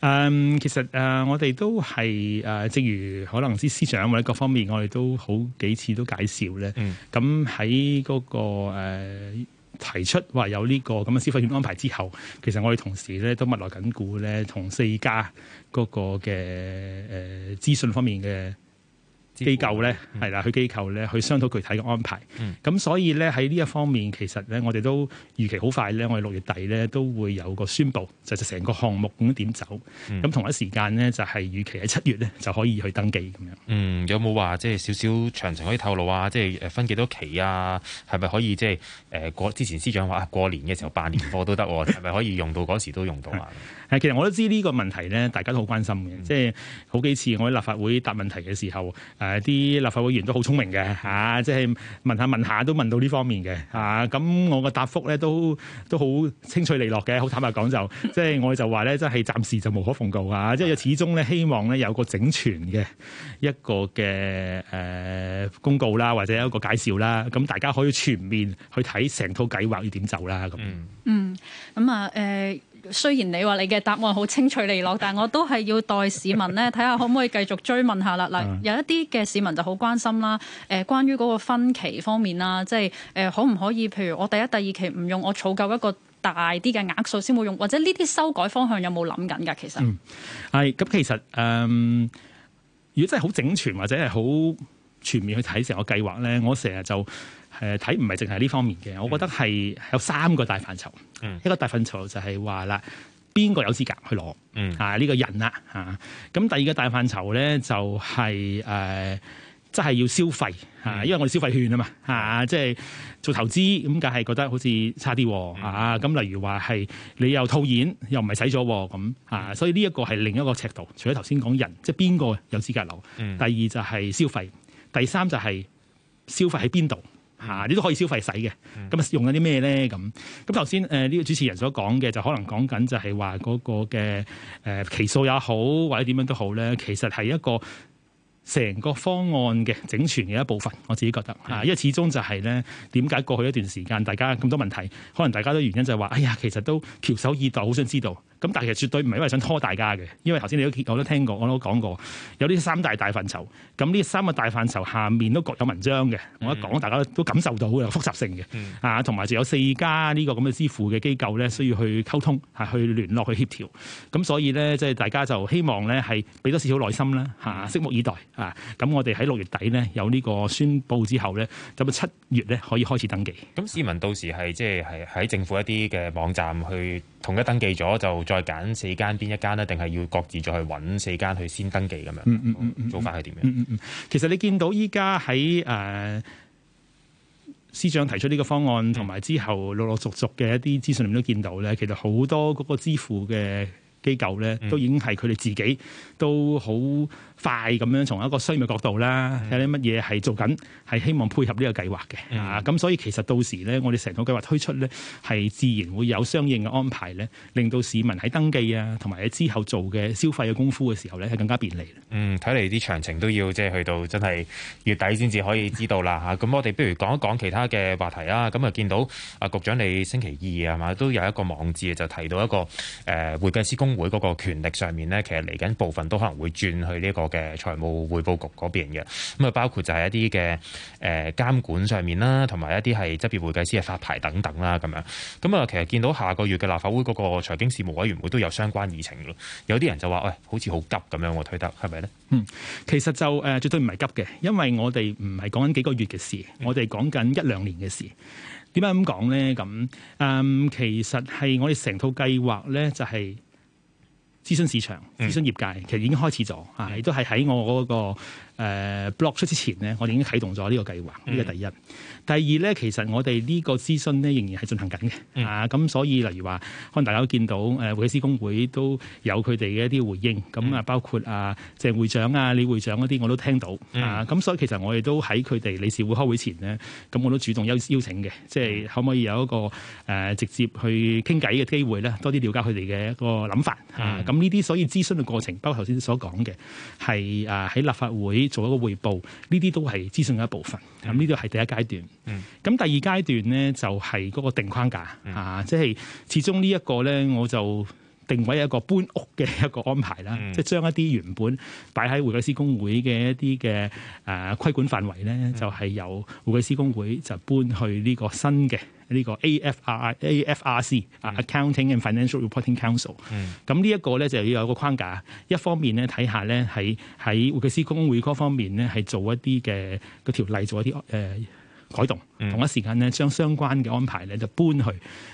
嗯，誒，其實啊，我哋都係啊，正如可能啲司長或者各方面，我哋都好幾次都介紹咧。咁喺嗰個誒、呃、提出話有呢個咁嘅消費券安排之後，其實我哋同時咧都密鑼緊鼓咧，同四家嗰個嘅誒資訊方面嘅。機構咧係啦，去、嗯、機構咧去商討具體嘅安排。咁、嗯、所以咧喺呢在一方面，其實咧我哋都預期好快咧，我哋六月底咧都會有個宣佈，就成、是、個項目咁點走。咁、嗯、同一時間呢，就係、是、預期喺七月咧就可以去登記咁樣。嗯，有冇話即係少少詳情可以透露啊？即、就、係、是、分幾多期啊？係咪可以即係、就是呃、之前司長話過年嘅時候辦年貨都得、啊，係咪 可以用到嗰時都用到啊？其實我都知呢個問題咧，大家都好關心嘅。即係、嗯就是、好幾次我喺立法會答問題嘅時候。誒啲、啊、立法會議員都好聰明嘅嚇，即、啊、係、就是、問下問下都問到呢方面嘅嚇，咁、啊、我個答覆咧都都好清脆利落嘅，好坦白講就，即、就、係、是、我就話咧，即、就、係、是、暫時就無可奉告啊。即、就、係、是、始終咧希望咧有個整全嘅一個嘅誒、呃、公告啦，或者一個介紹啦，咁大家可以全面去睇成套計劃要點走啦咁。嗯，咁啊誒。雖然你話你嘅答案好清脆利落，但係我都係要代市民咧睇下可唔可以繼續追問下啦。嗱，有一啲嘅市民就好關心啦，誒、呃，關於嗰個分期方面啦，即係誒、呃，可唔可以？譬如我第一、第二期唔用，我儲夠一個大啲嘅額數先會用，或者呢啲修改方向有冇諗緊㗎？其實，嗯，係咁，其實誒，如果真係好整全或者係好全面去睇成個計劃咧，我成日就。誒，睇唔係淨係呢方面嘅，我覺得係有三個大範疇。嗯，一個大範疇就係話啦，邊個有資格去攞？嗯，啊呢、這個人啦、啊，啊咁第二個大範疇咧就係、是、誒，即、啊、係要消費啊，因為我哋消費券啊嘛，啊即係、就是、做投資咁，梗係覺得好似差啲喎啊。咁例如話係你又套現又唔係使咗咁啊，所以呢一個係另一個尺度。除咗頭先講人，即係邊個有資格攞。第二就係消費，第三就係消費喺邊度。嚇，你都可以消費使嘅，咁啊用緊啲咩咧？咁咁，頭先誒呢個主持人所講嘅，就可能講緊就係話嗰個嘅誒期數也好，或者點樣都好咧，其實係一個。成個方案嘅整全嘅一部分，我自己覺得因為始終就係咧點解過去一段時間大家咁多問題，可能大家都原因就係話，哎呀，其實都翹首以待，好想知道。咁但係其實絕對唔係因為想拖大家嘅，因為頭先你都我都聽過，我都講過，有呢三大大範疇。咁呢三個大範疇下面都各有文章嘅，我一講大家都感受到好有複雜性嘅，啊，同埋仲有四家呢個咁嘅支付嘅機構咧，需要去溝通嚇，去聯絡去協調。咁所以咧，即係大家就希望咧係俾多少少耐心啦嚇，拭目以待。啊！咁我哋喺六月底呢，有呢個宣佈之後咧，就七月呢可以開始登記。咁市民到時係即係係喺政府一啲嘅網站去統一登記咗，就再揀四間邊一間咧，定係要各自再去揾四間去先登記咁樣？嗯嗯嗯，做法係點樣？嗯嗯嗯，其實你見到依家喺誒司長提出呢個方案，同埋之後陸陸續續嘅一啲資訊，你都見到呢，其實好多嗰個支付嘅機構呢，都已經係佢哋自己都好。快咁樣從一個商業角度啦，睇啲乜嘢係做緊，係希望配合呢個計劃嘅。嗯、啊，咁所以其實到時咧，我哋成套計劃推出咧，係自然會有相應嘅安排咧，令到市民喺登記啊，同埋喺之後做嘅消費嘅功夫嘅時候咧，係更加便利。嗯，睇嚟啲詳情都要即係去到真係月底先至可以知道啦。嚇、嗯，咁我哋不如講一講其他嘅話題啊。咁啊，見到啊，局長你星期二啊嘛，都有一個網誌，就提到一個誒會計師公會嗰個權力上面咧，其實嚟緊部分都可能會轉去呢、這個嘅財務匯報局嗰邊嘅。咁啊，包括就係一啲嘅誒監管上面啦，同埋一啲係執業會計師嘅發牌等等啦，咁樣咁啊，其實見到下個月嘅立法會嗰個財經事務委員會都有相關議程咯。有啲人就話：喂，好似好急咁樣我推得，係咪咧？嗯，其實就誒絕對唔係急嘅，因為我哋唔係講緊幾個月嘅事，我哋講緊一兩年嘅事。點解咁講咧？咁誒，其實係我哋成套計劃咧，就係。諮詢市場、諮詢業界，其實已經開始咗啊！亦都係喺我嗰個、呃、blog 出之前咧，我哋已經啟動咗呢個計劃，呢、嗯、個第一。第二咧，其實我哋呢個諮詢咧仍然係進行緊嘅，嗯、啊咁所以例如話，可能大家都見到誒、呃、會計師公會都有佢哋嘅一啲回應，咁啊、嗯嗯、包括啊鄭會長啊李會長嗰啲我都聽到，嗯、啊咁所以其實我哋都喺佢哋理事會開會前呢，咁我都主動邀邀請嘅，即、就、係、是、可唔可以有一個、呃、直接去傾偈嘅機會咧，多啲了解佢哋嘅一個諗法，啊咁呢啲所以諮詢嘅過程，包括頭先所講嘅係喺立法會做一個匯報，呢啲都係諮詢嘅一部分，咁呢度係第一階段。嗯，咁第二階段咧就係嗰個定框架嚇，嗯、即係始終呢一個咧，我就定位一個搬屋嘅一個安排啦，嗯、即係將一啲原本擺喺會計師公會嘅一啲嘅誒規管範圍咧，嗯、就係由會計師公會就搬去呢個新嘅呢、這個 A F R A F R C 啊、嗯、Accounting and Financial Reporting Council、嗯。咁呢一個咧就要有個框架，一方面咧睇下咧喺喺會計師公會嗰方面咧係做一啲嘅個條例，做一啲誒。呃改動，同一時間咧將相關嘅安排咧就搬去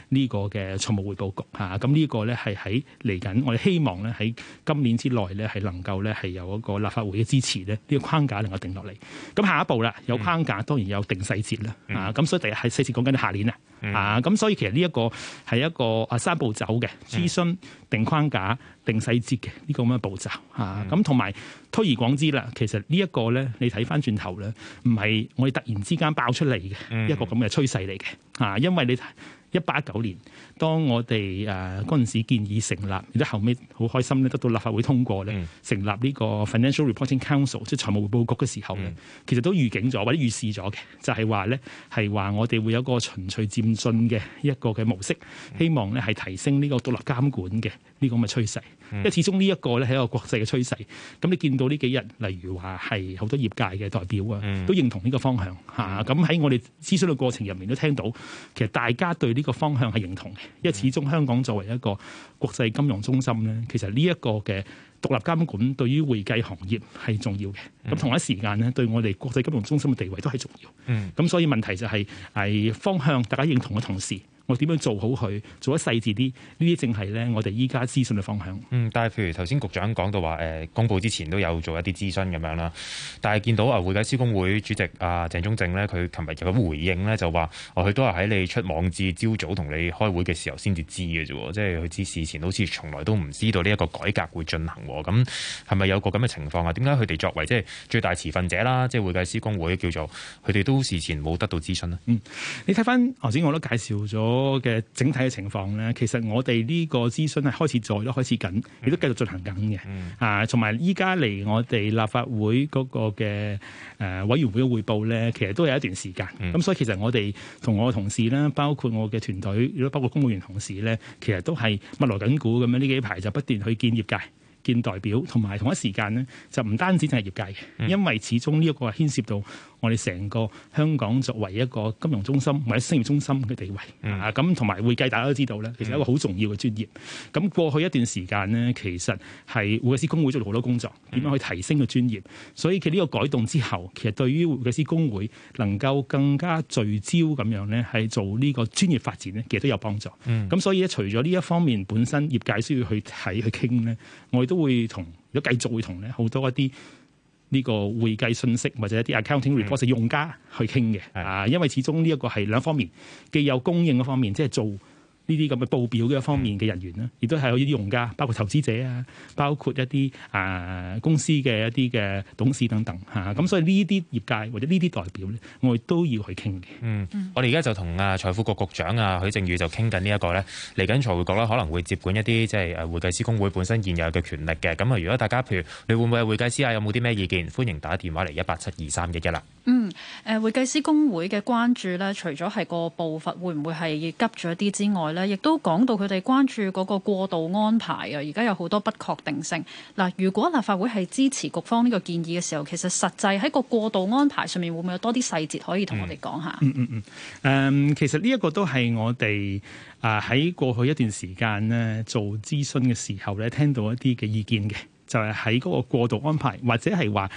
呢個嘅財務匯報局嚇，咁、這、呢個咧係喺嚟緊，我哋希望咧喺今年之內咧係能夠咧係有一個立法會嘅支持咧，呢、這個框架能夠定落嚟。咁下一步啦，有框架當然有定細節啦，啊咁所以第日喺細節講緊下年啊。嗯、啊，咁所以其實呢一個係一個啊三步走嘅諮詢定框架定細節嘅呢個咁嘅步驟啊，咁同埋推而廣之啦。其實呢一個咧，你睇翻轉頭咧，唔係我哋突然之間爆出嚟嘅一個咁嘅趨勢嚟嘅啊，因為你睇，一八九年，當我哋誒嗰陣時建議成立，然且後尾好開心咧得到立法會通過咧，嗯、成立呢個 Financial Reporting Council，即係財務報告局嘅時候咧，嗯、其實都預警咗或者預示咗嘅，就係話咧係話我哋會有個循序漸進嘅一個嘅模式，嗯、希望咧係提升呢個獨立監管嘅呢個咁嘅趨勢。嗯、因為始終呢一個咧係一個國際嘅趨勢，咁你見到呢幾日，例如話係好多業界嘅代表啊，嗯、都認同呢個方向嚇。咁喺、嗯啊、我哋諮詢嘅過程入面都聽到，其實大家對呢個方向係認同嘅。因為始終香港作為一個國際金融中心咧，其實呢一個嘅獨立監管對於會計行業係重要嘅。咁同一時間咧，對我哋國際金融中心嘅地位都係重要。咁所以問題就係、係、係方向大家認同嘅同時，我點樣做好佢，做得細緻啲？呢啲正係咧，我哋依家諮詢嘅方向。嗯，但係譬如頭先局長講到話、呃，公布之前都有做一啲諮詢咁樣啦。但係見到啊，會計師公會主席啊，鄭中正咧，佢琴日有個回應咧，就話：佢、啊、都係喺你出網誌朝早同你開會嘅時候先至知嘅啫。即係佢知事前好似從來都唔知道呢一個改革會進行。咁係咪有個咁嘅情況啊？點解佢哋作為即係最大持份者啦，即係會計師公會叫做佢哋都事前冇得到諮詢咧？嗯，你睇翻頭先我都介紹咗。我嘅整體嘅情況咧，其實我哋呢個諮詢係開始在都開始緊亦都繼續進行緊嘅。嗯嗯、啊，同埋依家嚟我哋立法會嗰個嘅誒委員會嘅匯報咧，其實都有一段時間，咁、嗯、所以其實我哋同我嘅同事咧，包括我嘅團隊，亦都包括公務員同事咧，其實都係密鑼緊鼓咁樣呢幾排就不斷去見業界、見代表，同埋同一時間咧就唔單止就係業界，因為始終呢一個係牽涉到。我哋成個香港作為一個金融中心或者商業中心嘅地位，咁同埋會計大家都知道咧，其實係一個好重要嘅專業。咁過去一段時間咧，其實係會計師公會做咗好多工作，點樣去提升個專業。嗯、所以佢呢個改動之後，其實對於會計師公會能夠更加聚焦咁樣咧，係做呢個專業發展咧，其實都有幫助。咁、嗯、所以咧，除咗呢一方面本身業界需要去睇去傾咧，我哋都會同，如果繼續會同咧，好多一啲。呢個會計信息或者一啲 accounting report 係用家去傾嘅啊，因為始終呢一個係兩方面，既有供應嗰方面，即係做。呢啲咁嘅報表嘅方面嘅人員呢，亦都係有啲用噶，包括投資者啊，包括一啲啊公司嘅一啲嘅董事等等嚇。咁、嗯、所以呢啲業界或者呢啲代表咧，我哋都要去傾嘅。嗯，我哋而家就同啊財富局局長啊許正宇就傾緊呢一個咧，嚟緊財匯局咧可能會接管一啲即係誒會計師公會本身現有嘅權力嘅。咁啊，如果大家譬如你會唔會係會計師啊，有冇啲咩意見？歡迎打電話嚟一八七二三一一啦。嗯，誒會計師公會嘅關注咧，除咗係個步伐會唔會係急咗一啲之外咧，亦都講到佢哋關注嗰個過渡安排啊。而家有好多不確定性。嗱，如果立法會係支持局方呢個建議嘅時候，其實實際喺個過渡安排上面會唔會有多啲細節可以同我哋講下？嗯嗯嗯，誒，嗯嗯嗯，其實呢一個都係我哋啊喺過去一段時間咧做諮詢嘅時候咧聽到一啲嘅意見嘅，就係喺嗰個過渡安排或者係話。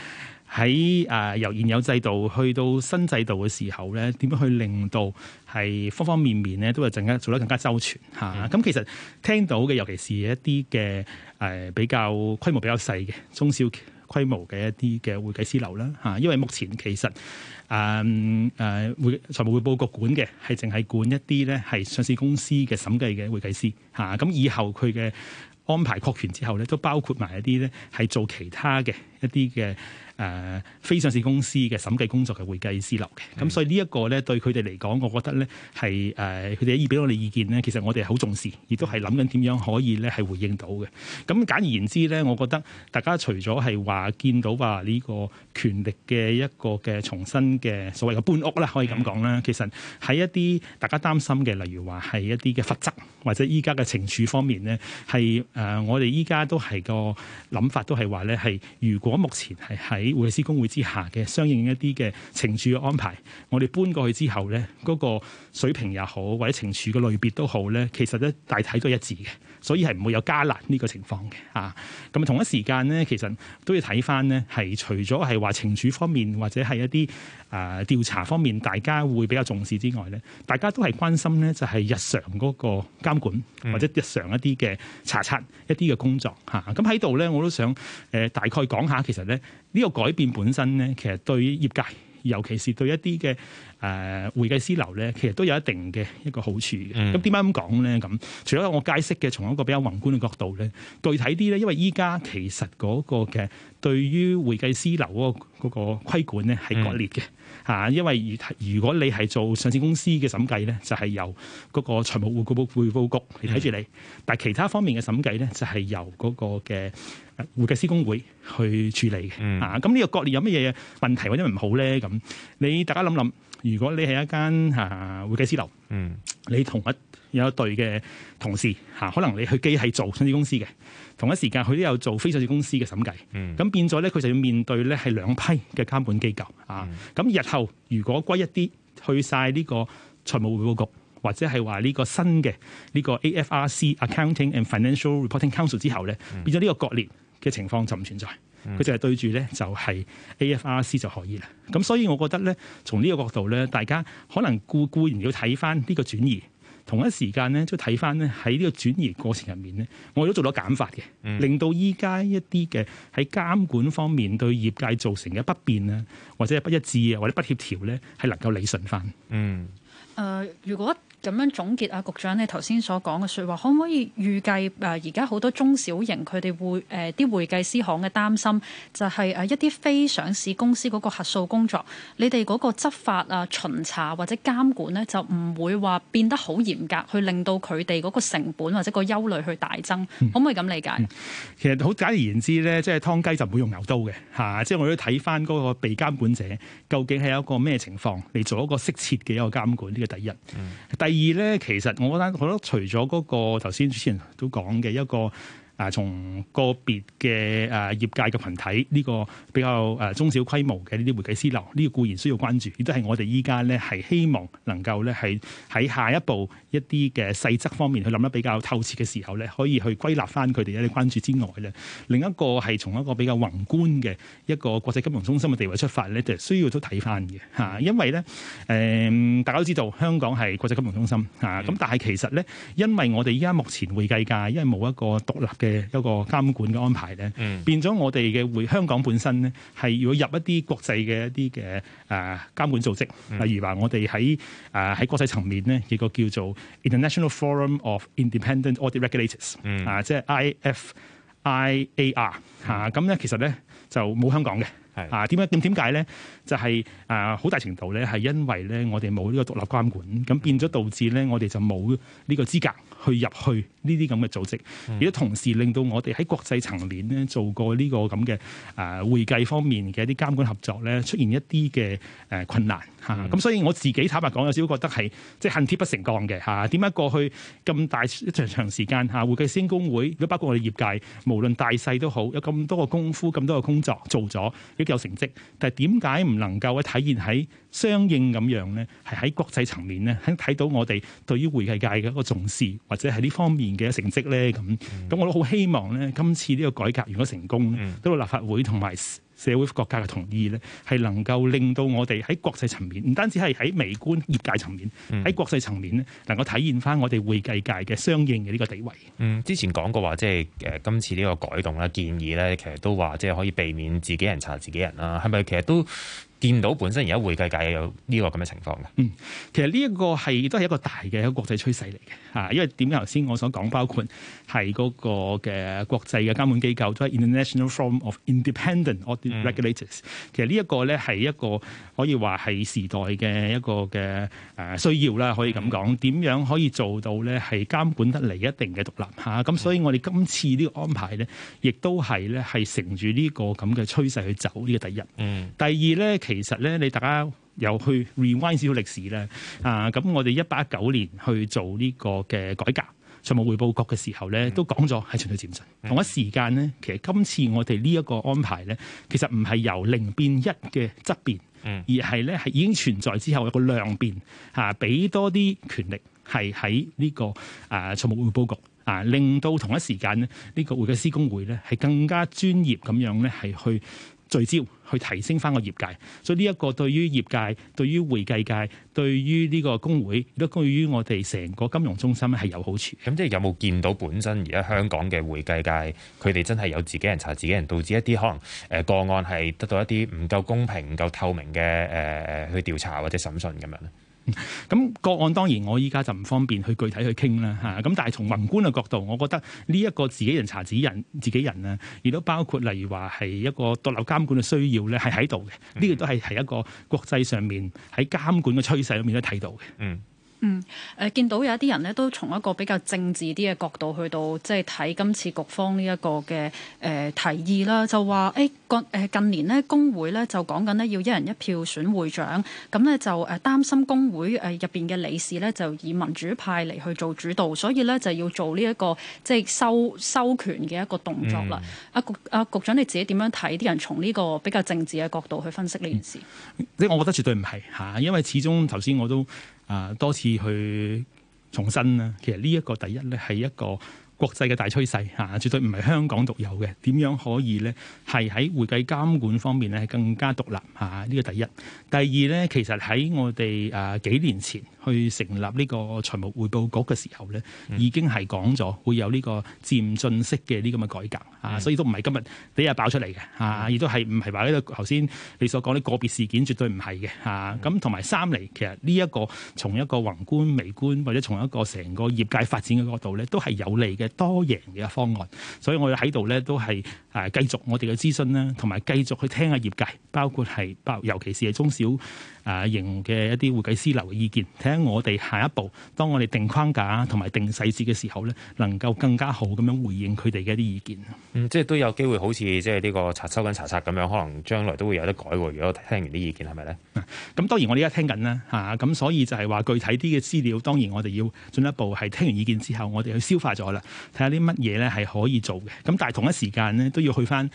喺誒由現有制度去到新制度嘅時候咧，點樣去令到係方方面面咧都係更加做得更加周全嚇？咁的其實聽到嘅，尤其是一啲嘅誒比較規模比較細嘅中小規模嘅一啲嘅會計師樓啦嚇，因為目前其實誒誒、嗯、會財務匯報局管嘅係淨係管一啲咧係上市公司嘅審計嘅會計師嚇。咁、啊、以後佢嘅安排確權之後咧，都包括埋一啲咧係做其他嘅一啲嘅。誒、呃、非上市公司嘅審計工作嘅會計師樓嘅，咁的所以呢一個咧對佢哋嚟講，我覺得咧係誒佢哋而俾我哋意見咧，其實我哋係好重視，亦都係諗緊點樣可以咧係回應到嘅。咁簡而言之咧，我覺得大家除咗係話見到話呢個權力嘅一個嘅重新嘅所謂嘅搬屋啦，可以咁講啦，其實喺一啲大家擔心嘅，例如話係一啲嘅罰則或者依家嘅懲處方面咧，係誒、呃、我哋依家都係個諗法都係話，都係話咧係如果目前係。係。喺會計師工會之下嘅相應一啲嘅懲處嘅安排，我哋搬過去之後咧，嗰、那個水平又好，或者懲處嘅類別都好咧，其實咧大體都一致嘅，所以係唔會有加難呢個情況嘅啊。咁啊，同一時間咧，其實都要睇翻咧，係除咗係話懲處方面或者係一啲誒、呃、調查方面，大家會比較重視之外咧，大家都係關心咧就係、是、日常嗰個監管或者日常一啲嘅查冊、嗯、一啲嘅工作吓。咁喺度咧，我都想誒、呃、大概講下，其實咧。呢個改變本身咧，其實對於業界，尤其是對一啲嘅呃、啊、會計師樓呢其實都有一定嘅一個好處。咁點解咁講呢咁除咗我解釋嘅從一個比較宏觀嘅角度呢具體啲呢因為依家其實嗰個嘅對於會計師樓嗰個規管呢係割裂嘅。嗯、因為如果你係做上市公司嘅審計呢就係、是、由嗰個財務匯報局嚟睇住你。嗯、但其他方面嘅審計呢就係由嗰個嘅會計師公會去處理。咁呢、嗯啊、個割裂有乜嘢問題或者唔好呢咁你大家諗諗。如果你係一間誒會計師樓，嗯，你同一有一隊嘅同事吓，可能你去機係做上市公司嘅，同一時間佢都有做非上市公司嘅審計，咁、嗯、變咗咧，佢就要面對咧係兩批嘅監管機構啊。咁、嗯、日後如果歸一啲，去晒呢個財務匯報局，或者係話呢個新嘅呢、呢個 AFRC Accounting and Financial Reporting Council 之後咧，變咗呢個割裂嘅情況就唔存在。佢就係對住咧，就係 AFRC 就可以啦。咁所以，我覺得咧，從呢個角度咧，大家可能固固然要睇翻呢個轉移，同一時間咧，都睇翻咧喺呢個轉移過程入面咧，我都做咗減法嘅，令到依家一啲嘅喺監管方面對業界造成嘅不便啊，或者係不一致啊，或者不協調咧，係能夠理順翻。嗯。誒，如果？咁樣總結啊，局長，你頭先所講嘅説話，可唔可以預計誒而家好多中小型佢哋會誒啲、呃、會計師行嘅擔心，就係誒一啲非上市公司嗰個核數工作，你哋嗰個執法啊、巡查或者監管呢，就唔會話變得好嚴格，去令到佢哋嗰個成本或者個憂慮去大增，嗯、可唔可以咁理解？嗯嗯、其實好簡而言之呢，即係劏雞就唔會用牛刀嘅嚇、啊，即係我都睇翻嗰個被監管者究竟係一個咩情況嚟做一個適切嘅一個監管呢？嘅、呢個、第一，第、嗯二咧，其實我覺得除咗、那個，我覺得除咗嗰個頭先之前都講嘅一個。啊，從個別嘅誒業界嘅群體呢、這個比較誒中小規模嘅呢啲會計師樓，呢、這個固然需要關注，亦都係我哋依家咧係希望能夠咧係喺下一步一啲嘅細則方面去諗得比較透徹嘅時候咧，可以去歸納翻佢哋一啲關注之外咧，另一個係從一個比較宏觀嘅一個國際金融中心嘅地位出發咧，就需要都睇翻嘅嚇。因為咧誒、呃，大家都知道香港係國際金融中心嚇，咁但係其實咧，因為我哋依家目前會計界因為冇一個獨立嘅嘅一個監管嘅安排咧，嗯，變咗我哋嘅回香港本身咧，係如果入一啲國際嘅一啲嘅誒監管組織，例如話我哋喺誒喺國際層面咧，有個叫做 International Forum of Independent Audit Regulators、嗯、啊，即係 I F I A R 吓、啊，咁咧其實咧就冇香港嘅。啊？點解點點解咧？就係啊！好大程度咧，係因為咧，我哋冇呢個獨立監管，咁變咗導致咧，我哋就冇呢個資格去入去呢啲咁嘅組織。亦都同時令到我哋喺國際層面咧，做過呢個咁嘅啊會計方面嘅一啲監管合作咧，出現一啲嘅誒困難嚇。咁所以我自己坦白講，有少少覺得係即係恨鐵不成鋼嘅嚇。點解過去咁大一長長時間嚇會計師公會，如果包括我哋業界，無論大細都好，有咁多個功夫、咁多個工作做咗。有成績，但係點解唔能夠啊體現喺相應咁樣咧？係喺國際層面咧，喺睇到我哋對於會計界嘅一個重視，或者係呢方面嘅成績咧？咁咁、嗯，我都好希望咧，今次呢個改革如果成功，都到立法會同埋。社會國家嘅同意咧，係能夠令到我哋喺國際層面，唔單止係喺微觀業界層面，喺國際層面咧，能夠體現返我哋會計界嘅相應嘅呢個地位。嗯，之前講過話，即係誒今次呢個改動啦，建議咧，其實都話即係可以避免自己人查自己人啦。係咪其實都？見到本身而家會計界有呢個咁嘅情況嘅。嗯，其實呢一個係都係一個大嘅一個國際趨勢嚟嘅。嚇，因為點解頭先我所講包括係個嘅國際嘅監管機構都係 International Form of Independent Audit Regulators、嗯。其實呢一個咧係一個可以話係時代嘅一個嘅誒需要啦，可以咁講，點樣可以做到咧係監管得嚟一定嘅獨立吓咁、嗯啊、所以我哋今次呢個安排咧，亦都係咧係乘住呢個咁嘅趨勢去走。呢、呢個第一。嗯。第二咧其實其實咧，你大家又去 rewind 少少歷史咧啊！咁我哋一八一九年去做呢個嘅改革財務匯報局嘅時候咧，都講咗係循序漸進。同一時間咧，其實今次我哋呢一個安排咧，其實唔係由零變一嘅質變，而係咧係已經存在之後有個量變嚇，俾、啊、多啲權力係喺呢個啊財務匯報局啊，令到同一時間呢，呢、呢個會計師公會咧係更加專業咁樣咧係去。聚焦去提升翻個業界，所以呢一個對於業界、對於會計界、對於呢個工會亦都對於我哋成個金融中心係有好處。咁即係有冇見到本身而家香港嘅會計界，佢哋真係有自己人查自己人，導致一啲可能誒個案係得到一啲唔夠公平、唔夠透明嘅誒誒去調查或者審訊咁樣呢？咁個案當然我依家就唔方便去具體去傾啦，嚇，咁但係從宏觀嘅角度，我覺得呢一個自己人查自己人自己人啊，亦都包括例如話係一個獨立監管嘅需要咧，係喺度嘅。呢個都係係一個國際上面喺監管嘅趨勢裏面都睇到嘅。嗯。嗯，誒、呃、見到有一啲人咧，都從一個比較政治啲嘅角度去到即係睇今次局方呢一個嘅誒、呃、提議啦，就話誒國近年呢，工會咧就講緊呢，要一人一票選會長，咁咧就誒擔心工會誒入邊嘅理事咧就以民主派嚟去做主導，所以咧就要做呢、這、一個即係收收權嘅一個動作啦。阿、嗯啊、局阿、啊、局長你自己點樣睇啲人從呢個比較政治嘅角度去分析呢件事？嗯、即我覺得絕對唔係嚇，因為始終頭先我都。啊，多次去重申啦。其實呢一個第一咧，係一個國際嘅大趨勢嚇、啊，絕對唔係香港獨有嘅。點樣可以咧，係喺會計監管方面咧，更加獨立嚇。呢、啊呢個第一，第二咧，其實喺我哋誒、啊、幾年前。去成立呢個財務匯報局嘅時候咧，已經係講咗會有呢個漸進式嘅呢咁嘅改革啊，嗯、所以都唔係今日第一日爆出嚟嘅啊，亦、嗯、都係唔係話呢度頭先你所講啲個別事件絕對唔係嘅啊。咁同埋三嚟，其實呢一個從一個宏觀、微觀或者從一個成個業界發展嘅角度咧，都係有利嘅、多贏嘅方案。所以我哋喺度咧都係誒繼續我哋嘅諮詢啦，同埋繼續去聽下業界，包括係包，尤其是係中小。啊型嘅一啲會計師樓嘅意見，睇下我哋下一步，當我哋定框架同埋定細節嘅時候咧，能夠更加好咁樣回應佢哋嘅一啲意見。嗯，即係都有機會好似即係呢、這個查收緊查冊咁樣，可能將來都會有得改喎。如果聽完啲意見係咪咧？咁、啊、當然我哋而家聽緊啦，嚇、啊、咁所以就係話具體啲嘅資料，當然我哋要進一步係聽完意見之後，我哋去消化咗啦，睇下啲乜嘢咧係可以做嘅。咁但係同一時間呢，都要去返。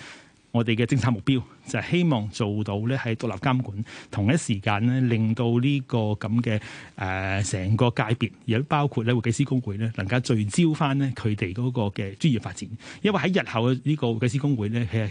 我哋嘅政策目標就係、是、希望做到咧，係獨立監管，同一時間咧，令到呢個咁嘅誒成個界別，有包括咧會計師公會咧，能夠聚焦翻咧佢哋嗰個嘅專業發展。因為喺日後嘅呢個會計師公會咧，其實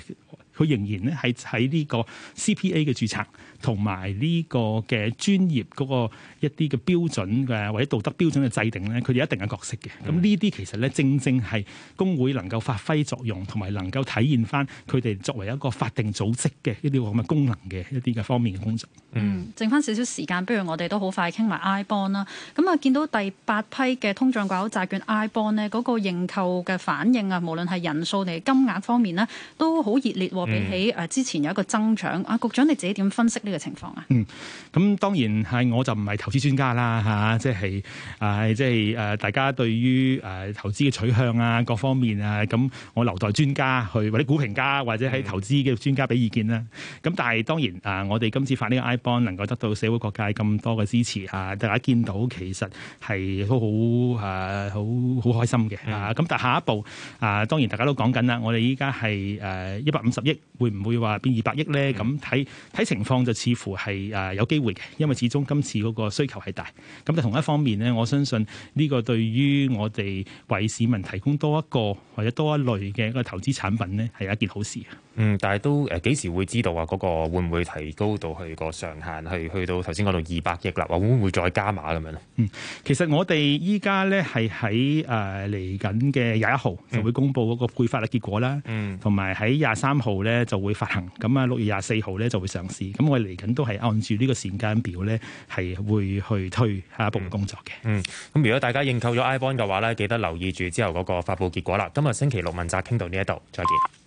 佢仍然咧係喺呢個 CPA 嘅註冊。同埋呢個嘅專業嗰個一啲嘅標準嘅或者道德標準嘅制定咧，佢哋一定有角色嘅。咁呢啲其實咧，正正係公會能夠發揮作用，同埋能夠體現翻佢哋作為一個法定組織嘅一啲咁嘅功能嘅一啲嘅方面嘅工作。嗯，剩翻少少時間，不如我哋都好快傾埋 I bond 啦。咁啊，見到第八批嘅通脹掛鈎債券 I bond 咧，嗰、那個認購嘅反應啊，無論係人數定係金額方面呢，都好熱烈喎、啊。比起誒之前有一個增長，嗯、啊，局長你自己點分析？呢個情況啊，嗯，咁當然係，我就唔係投資專家啦，嚇，即係啊，即係誒、啊啊，大家對於誒、啊、投資嘅取向啊，各方面啊，咁、啊、我留待專家去或者股評家或者喺投資嘅專家俾意見啦。咁、啊、但係當然啊，我哋今次發呢個 iBond 能夠得到社會各界咁多嘅支持啊，大家見到其實係都好誒，好、啊、好開心嘅嚇。咁、啊、但下一步啊，當然大家都講緊啦，我哋依家係誒一百五十億，會唔會話變二百億咧？咁睇睇情況就。似乎係誒有機會嘅，因為始終今次嗰個需求係大，咁但係同一方面呢，我相信呢個對於我哋為市民提供多一個或者多一類嘅一個投資產品呢，係一件好事。嗯，但係都誒幾、呃、時會知道啊？嗰、那個會唔會提高到去個上限？去去到頭先講到二百億啦，會唔會再加碼咁樣咧？嗯，其實我哋依家咧係喺誒嚟緊嘅廿一號就會公布嗰個配發嘅結果啦。嗯，同埋喺廿三號咧就會發行，咁啊六月廿四號咧就會上市。咁我哋嚟緊都係按住呢個時間表咧，係會去推下一步工作嘅，嗯。嗯，咁如果大家認購咗 iBond 嘅話咧，記得留意住之後嗰個發布結果啦。今日星期六問責傾到呢一度，再見。